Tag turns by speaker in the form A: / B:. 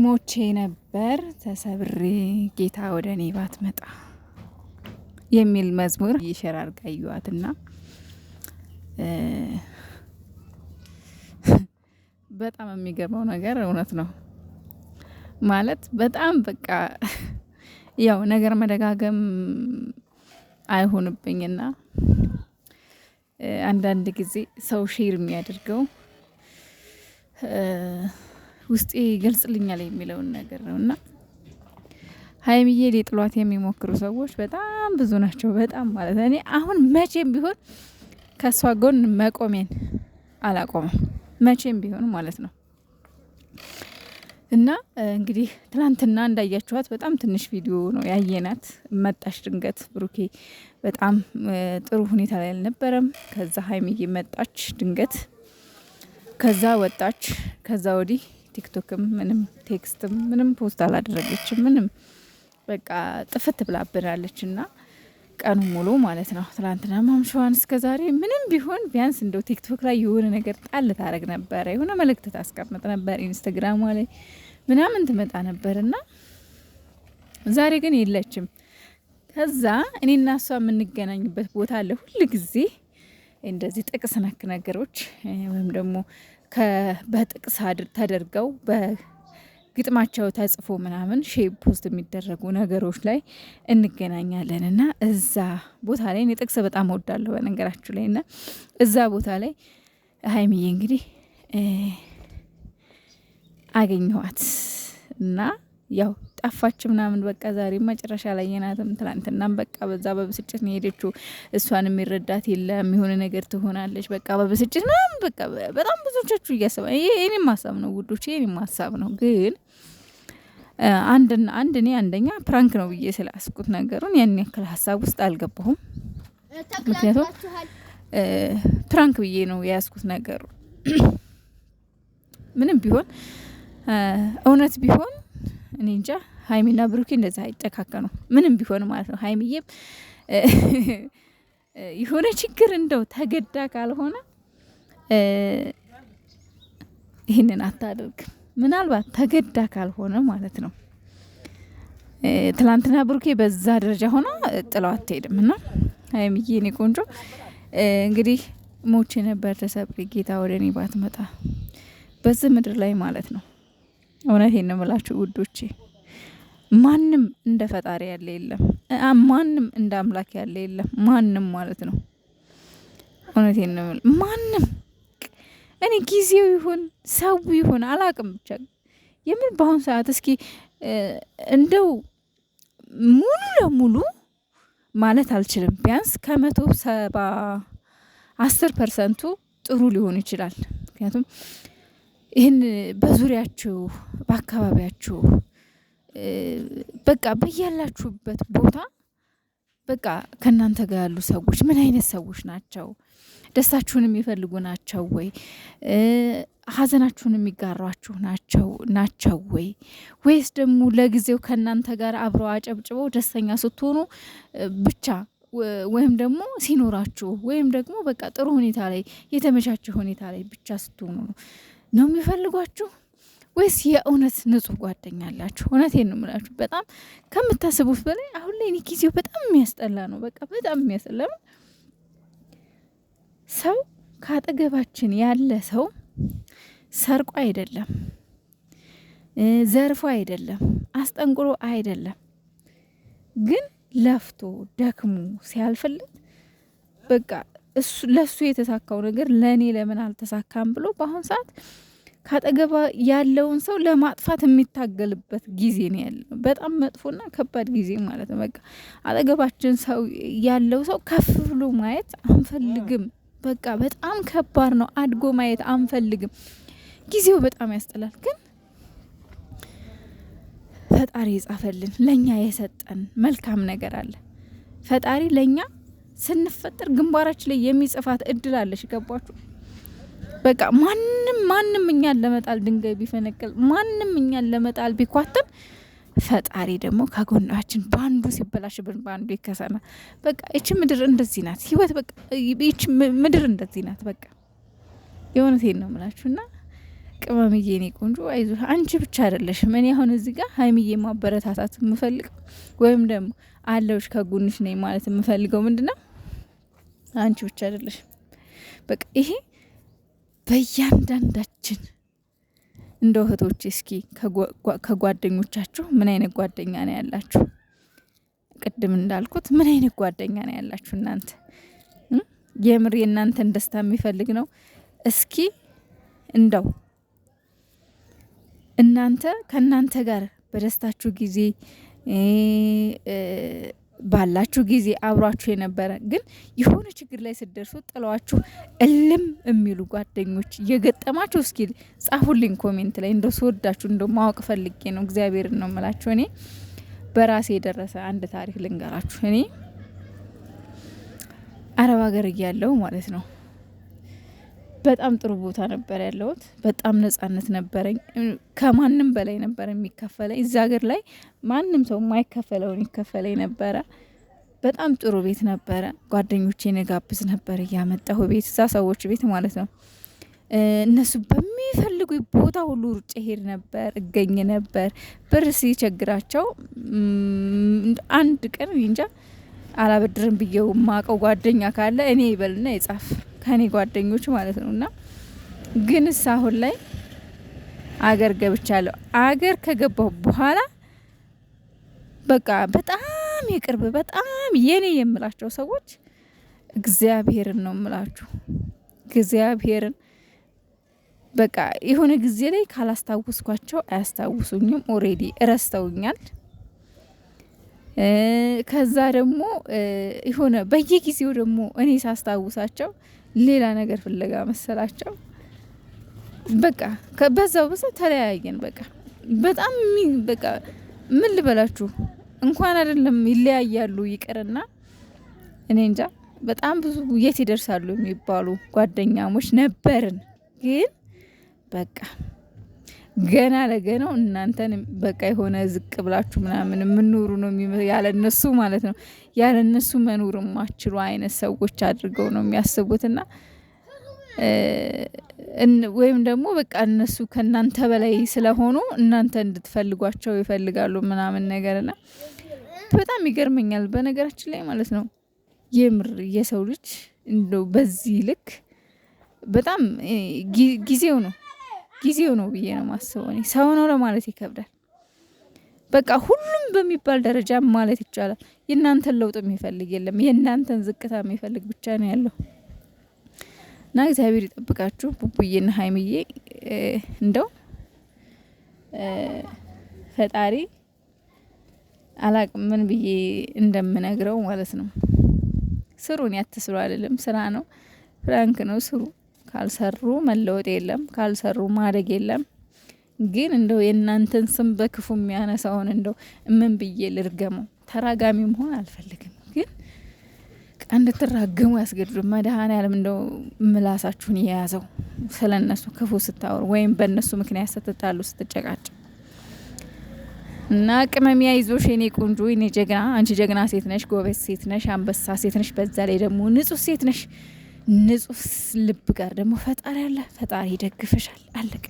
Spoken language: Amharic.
A: ሞቼ ነበር ተሰብሬ ጌታ ወደ እኔ ባትመጣ የሚል መዝሙር ይሸራር ጋዩዋትና በጣም የሚገርመው ነገር እውነት ነው ማለት በጣም በቃ ያው ነገር መደጋገም አይሆንብኝና አንዳንድ ጊዜ ሰው ሼር የሚያደርገው ውስጤ ይገልጽልኛል የሚለውን ነገር ነው እና ሀይሚዬ ሊጥሏት የሚሞክሩ ሰዎች በጣም ብዙ ናቸው። በጣም ማለት እኔ አሁን መቼም ቢሆን ከእሷ ጎን መቆሜን አላቆመም። መቼም ቢሆን ማለት ነው እና እንግዲህ ትናንትና እንዳያችኋት በጣም ትንሽ ቪዲዮ ነው ያየናት። መጣሽ ድንገት ብሩኬ በጣም ጥሩ ሁኔታ ላይ አልነበረም። ከዛ ሀይሚዬ መጣች ድንገት፣ ከዛ ወጣች። ከዛ ወዲህ ቲክቶክም ምንም ቴክስትም ምንም ፖስት አላደረገችም። ምንም በቃ ጥፍት ብላብናለች እና ቀኑ ሙሉ ማለት ነው ትላንትና ማምሸዋን እስከ ዛሬ ምንም ቢሆን ቢያንስ እንደው ቲክቶክ ላይ የሆነ ነገር ጣል ታደረግ ነበረ፣ የሆነ መልእክት ታስቀምጥ ነበር፣ ኢንስታግራሟ ላይ ምናምን ትመጣ ነበር ዛሬ ግን የለችም። ከዛ እኔና እሷ የምንገናኝበት ቦታ አለ ሁል ጊዜ እንደዚህ ጥቅስ ነክ ነገሮች ወይም ደግሞ በጥቅስ ተደርገው በግጥማቸው ተጽፎ ምናምን ሼፕ ፖስት የሚደረጉ ነገሮች ላይ እንገናኛለን እና እዛ ቦታ ላይ እኔ ጥቅስ በጣም ወዳለሁ በነገራችሁ ላይ እና እዛ ቦታ ላይ ሀይሚዬ እንግዲህ አገኘኋት እና ያው ጠፋች ምናምን በቃ ዛሬ መጨረሻ ላይ የናትም ትላንትናም በቃ በዛ በብስጭት ነው የሄደችው። እሷን የሚረዳት የለም የሆነ ነገር ትሆናለች በቃ በብስጭት ምናምን በቃ በጣም ብዙዎቻችሁ እያሰበ እኔም ሀሳብ ነው ውዶች፣ እኔም ሀሳብ ነው ግን አንድና አንድ እኔ አንደኛ ፕራንክ ነው ብዬ ስላስኩት ነገሩን ያን ያክል ሀሳብ ውስጥ አልገባሁም። ምክንያቱም ፕራንክ ብዬ ነው የያዝኩት ነገሩ ምንም ቢሆን እውነት ቢሆን እኔ እንጃ ሀይሚና ብሩኬ እንደዛ አይጨካከኑ ምንም ቢሆን ማለት ነው። ሀይሚዬም የሆነ ችግር እንደው ተገዳ ካልሆነ ይህንን አታደርግም። ምናልባት ተገዳ ካልሆነ ማለት ነው። ትላንትና ብሩኬ በዛ ደረጃ ሆና ጥለው አትሄድም እና ሀይሚዬ እኔ ቆንጆ እንግዲህ ሞቼ ነበር ተሰብሬ ጌታ ወደ እኔ ባትመጣ በዚህ ምድር ላይ ማለት ነው እውነት ነው ውዶቼ፣ ማንም እንደ ፈጣሪ ያለ የለም፣ ማንም እንደ አምላክ ያለ የለም። ማንም ማለት ነው። እውነት ነው ማንም እኔ ጊዜው ይሁን ሰው ይሁን አላቅም፣ ብቻ የምን በአሁን ሰዓት እስኪ እንደው ሙሉ ለሙሉ ማለት አልችልም፣ ቢያንስ ከመቶ ሰባ አስር ፐርሰንቱ ጥሩ ሊሆን ይችላል ምክንያቱም ይህን በዙሪያችሁ በአካባቢያችሁ በቃ በያላችሁበት ቦታ በቃ ከእናንተ ጋር ያሉ ሰዎች ምን አይነት ሰዎች ናቸው? ደስታችሁን የሚፈልጉ ናቸው ወይ? ሀዘናችሁን የሚጋሯችሁ ናቸው ናቸው ወይ? ወይስ ደግሞ ለጊዜው ከእናንተ ጋር አብረው አጨብጭበው ደስተኛ ስትሆኑ ብቻ ወይም ደግሞ ሲኖራችሁ ወይም ደግሞ በቃ ጥሩ ሁኔታ ላይ የተመቻቸ ሁኔታ ላይ ብቻ ስትሆኑ ነው ነው የሚፈልጓችሁ ወይስ የእውነት ንጹህ ጓደኛ አላችሁ? እውነቴን ነው የምላችሁ። በጣም ከምታስቡት በላይ አሁን ላይ እኔ ጊዜው በጣም የሚያስጠላ ነው። በቃ በጣም የሚያስጠላ ነው። ሰው ከአጠገባችን ያለ ሰው ሰርቆ አይደለም፣ ዘርፎ አይደለም፣ አስጠንቅሮ አይደለም፣ ግን ለፍቶ ደክሞ ሲያልፍለት በቃ ለሱ ለእሱ የተሳካው ነገር ለእኔ ለምን አልተሳካም ብሎ በአሁን ሰዓት ካጠገባ ያለውን ሰው ለማጥፋት የሚታገልበት ጊዜ ነው ያለው። በጣም መጥፎና ከባድ ጊዜ ማለት ነው። በቃ አጠገባችን ሰው ያለው ሰው ከፍ ብሎ ማየት አንፈልግም። በቃ በጣም ከባድ ነው። አድጎ ማየት አንፈልግም። ጊዜው በጣም ያስጠላል። ግን ፈጣሪ የጻፈልን ለእኛ የሰጠን መልካም ነገር አለ። ፈጣሪ ለእኛ ስንፈጠር ግንባራችን ላይ የሚጽፋት እድል አለሽ። ገባችሁ? በቃ ማንም ማንም እኛን ለመጣል ድንጋይ ቢፈነቅል፣ ማንም እኛን ለመጣል ቢኳትም ፈጣሪ ደግሞ ከጎናችን በአንዱ ሲበላሽብን በአንዱ ይከሰናል። በቃ ይቺ ምድር እንደዚህ ናት። ህይወት በቃ ምድር እንደዚህ ናት። በቃ የእውነቴን ነው የምላችሁና ቅመምዬ፣ ኔ ቆንጆ አይዞ፣ አንቺ ብቻ አይደለሽ። እኔ አሁን እዚህ ጋር ሀይምዬ ማበረታታት የምፈልግ ወይም ደግሞ አለውሽ ከጎንሽ ነኝ ማለት የምፈልገው ምንድነው፣ አንቺ ብቻ አይደለሽ። በቃ ይሄ በእያንዳንዳችን እንደ እህቶች እስኪ ከጓደኞቻችሁ ምን አይነት ጓደኛ ነው ያላችሁ? ቅድም እንዳልኩት ምን አይነት ጓደኛ ነው ያላችሁ? እናንተ የምር የእናንተን ደስታ የሚፈልግ ነው። እስኪ እንደው እናንተ ከእናንተ ጋር በደስታችሁ ጊዜ ባላችሁ ጊዜ አብሯችሁ የነበረ ግን የሆነ ችግር ላይ ስደርሱ ጥለዋችሁ እልም የሚሉ ጓደኞች የገጠማችሁ እስኪ ጻፉልኝ ኮሜንት ላይ እንደ ስወዳችሁ እንደ ማወቅ ፈልጌ ነው። እግዚአብሔር ነው የምላችሁ። እኔ በራሴ የደረሰ አንድ ታሪክ ልንገራችሁ። እኔ አረብ ሀገር እያለሁ ማለት ነው በጣም ጥሩ ቦታ ነበር ያለሁት። በጣም ነጻነት ነበረኝ። ከማንም በላይ ነበር የሚከፈለኝ። እዚ ሀገር ላይ ማንም ሰው የማይከፈለውን ይከፈለኝ ነበረ። በጣም ጥሩ ቤት ነበረ። ጓደኞቼን ጋብዝ ነበር እያመጣሁ ቤት እዛ ሰዎች ቤት ማለት ነው። እነሱ በሚፈልጉ ቦታ ሁሉ ሩጬ ሄድ ነበር፣ እገኝ ነበር። ብር ሲቸግራቸው አንድ ቀን እንጃ አላበድርም ብዬው ማቀው ጓደኛ ካለ እኔ ይበልና ይጻፍ ከኔ ጓደኞች ማለት ነው። እና ግን አሁን ላይ አገር ገብቻለሁ። አገር ከገባሁ በኋላ በቃ በጣም የቅርብ በጣም የኔ የምላቸው ሰዎች እግዚአብሔርን ነው የምላችሁ። እግዚአብሔርን በቃ የሆነ ጊዜ ላይ ካላስታወስኳቸው አያስታውሱኝም። ኦሬዲ እረስተውኛል። ከዛ ደግሞ የሆነ በየጊዜው ደግሞ እኔ ሳስታውሳቸው ሌላ ነገር ፍለጋ መሰላቸው። በቃ በዛው በዛ ተለያየን። በቃ በጣም በቃ ምን ልበላችሁ እንኳን አይደለም ይለያያሉ ይቅርና እኔ እንጃ በጣም ብዙ የት ይደርሳሉ የሚባሉ ጓደኛሞች ነበርን ግን በቃ ገና ለገናው እናንተን በቃ የሆነ ዝቅ ብላችሁ ምናምን የምኖሩ ነው ያለ እነሱ ማለት ነው ያለ እነሱ መኖር የማችሉ አይነት ሰዎች አድርገው ነው የሚያስቡትና ወይም ደግሞ በቃ እነሱ ከእናንተ በላይ ስለሆኑ እናንተ እንድትፈልጓቸው ይፈልጋሉ ምናምን ነገርና በጣም ይገርመኛል። በነገራችን ላይ ማለት ነው የምር የሰው ልጅ እንደው በዚህ ልክ በጣም ጊዜው ነው ጊዜው ነው ብዬ ነው ማስበው። እኔ ሰው ነው ለማለት ይከብዳል። በቃ ሁሉም በሚባል ደረጃ ማለት ይቻላል የእናንተን ለውጥ የሚፈልግ የለም፣ የእናንተን ዝቅታ የሚፈልግ ብቻ ነው ያለው እና እግዚአብሔር ይጠብቃችሁ ቡቡዬና ሀይምዬ እንደው ፈጣሪ አላቅም ምን ብዬ እንደምነግረው ማለት ነው። ስሩን ያትስሩ አልልም፣ ስራ ነው፣ ፍራንክ ነው፣ ስሩ። ካልሰሩ መለወጥ የለም፣ ካልሰሩ ማደግ የለም። ግን እንደው የእናንተን ስም በክፉ የሚያነሳውን እንደው ምን ብዬ ልርገመው? ተራጋሚ መሆን አልፈልግም፣ ግን እንድትራገሙ ያስገድዱ። መድኃኔዓለም እንደው ምላሳችሁን የያዘው ስለ እነሱ ክፉ ስታወሩ ወይም በእነሱ ምክንያት ስትጣሉ፣ ስትጨቃጭ እና ቅመሚያ ይዞሽ የኔ ቆንጆ የኔ ጀግና፣ አንቺ ጀግና ሴት ነሽ፣ ጎበዝ ሴት ነሽ፣ አንበሳ ሴት ነሽ። በዛ ላይ ደግሞ ንጹህ ሴት ነሽ። ንጹህ ልብ ጋር ደግሞ ፈጣሪ አለ። ፈጣሪ ይደግፍሻል አለቅ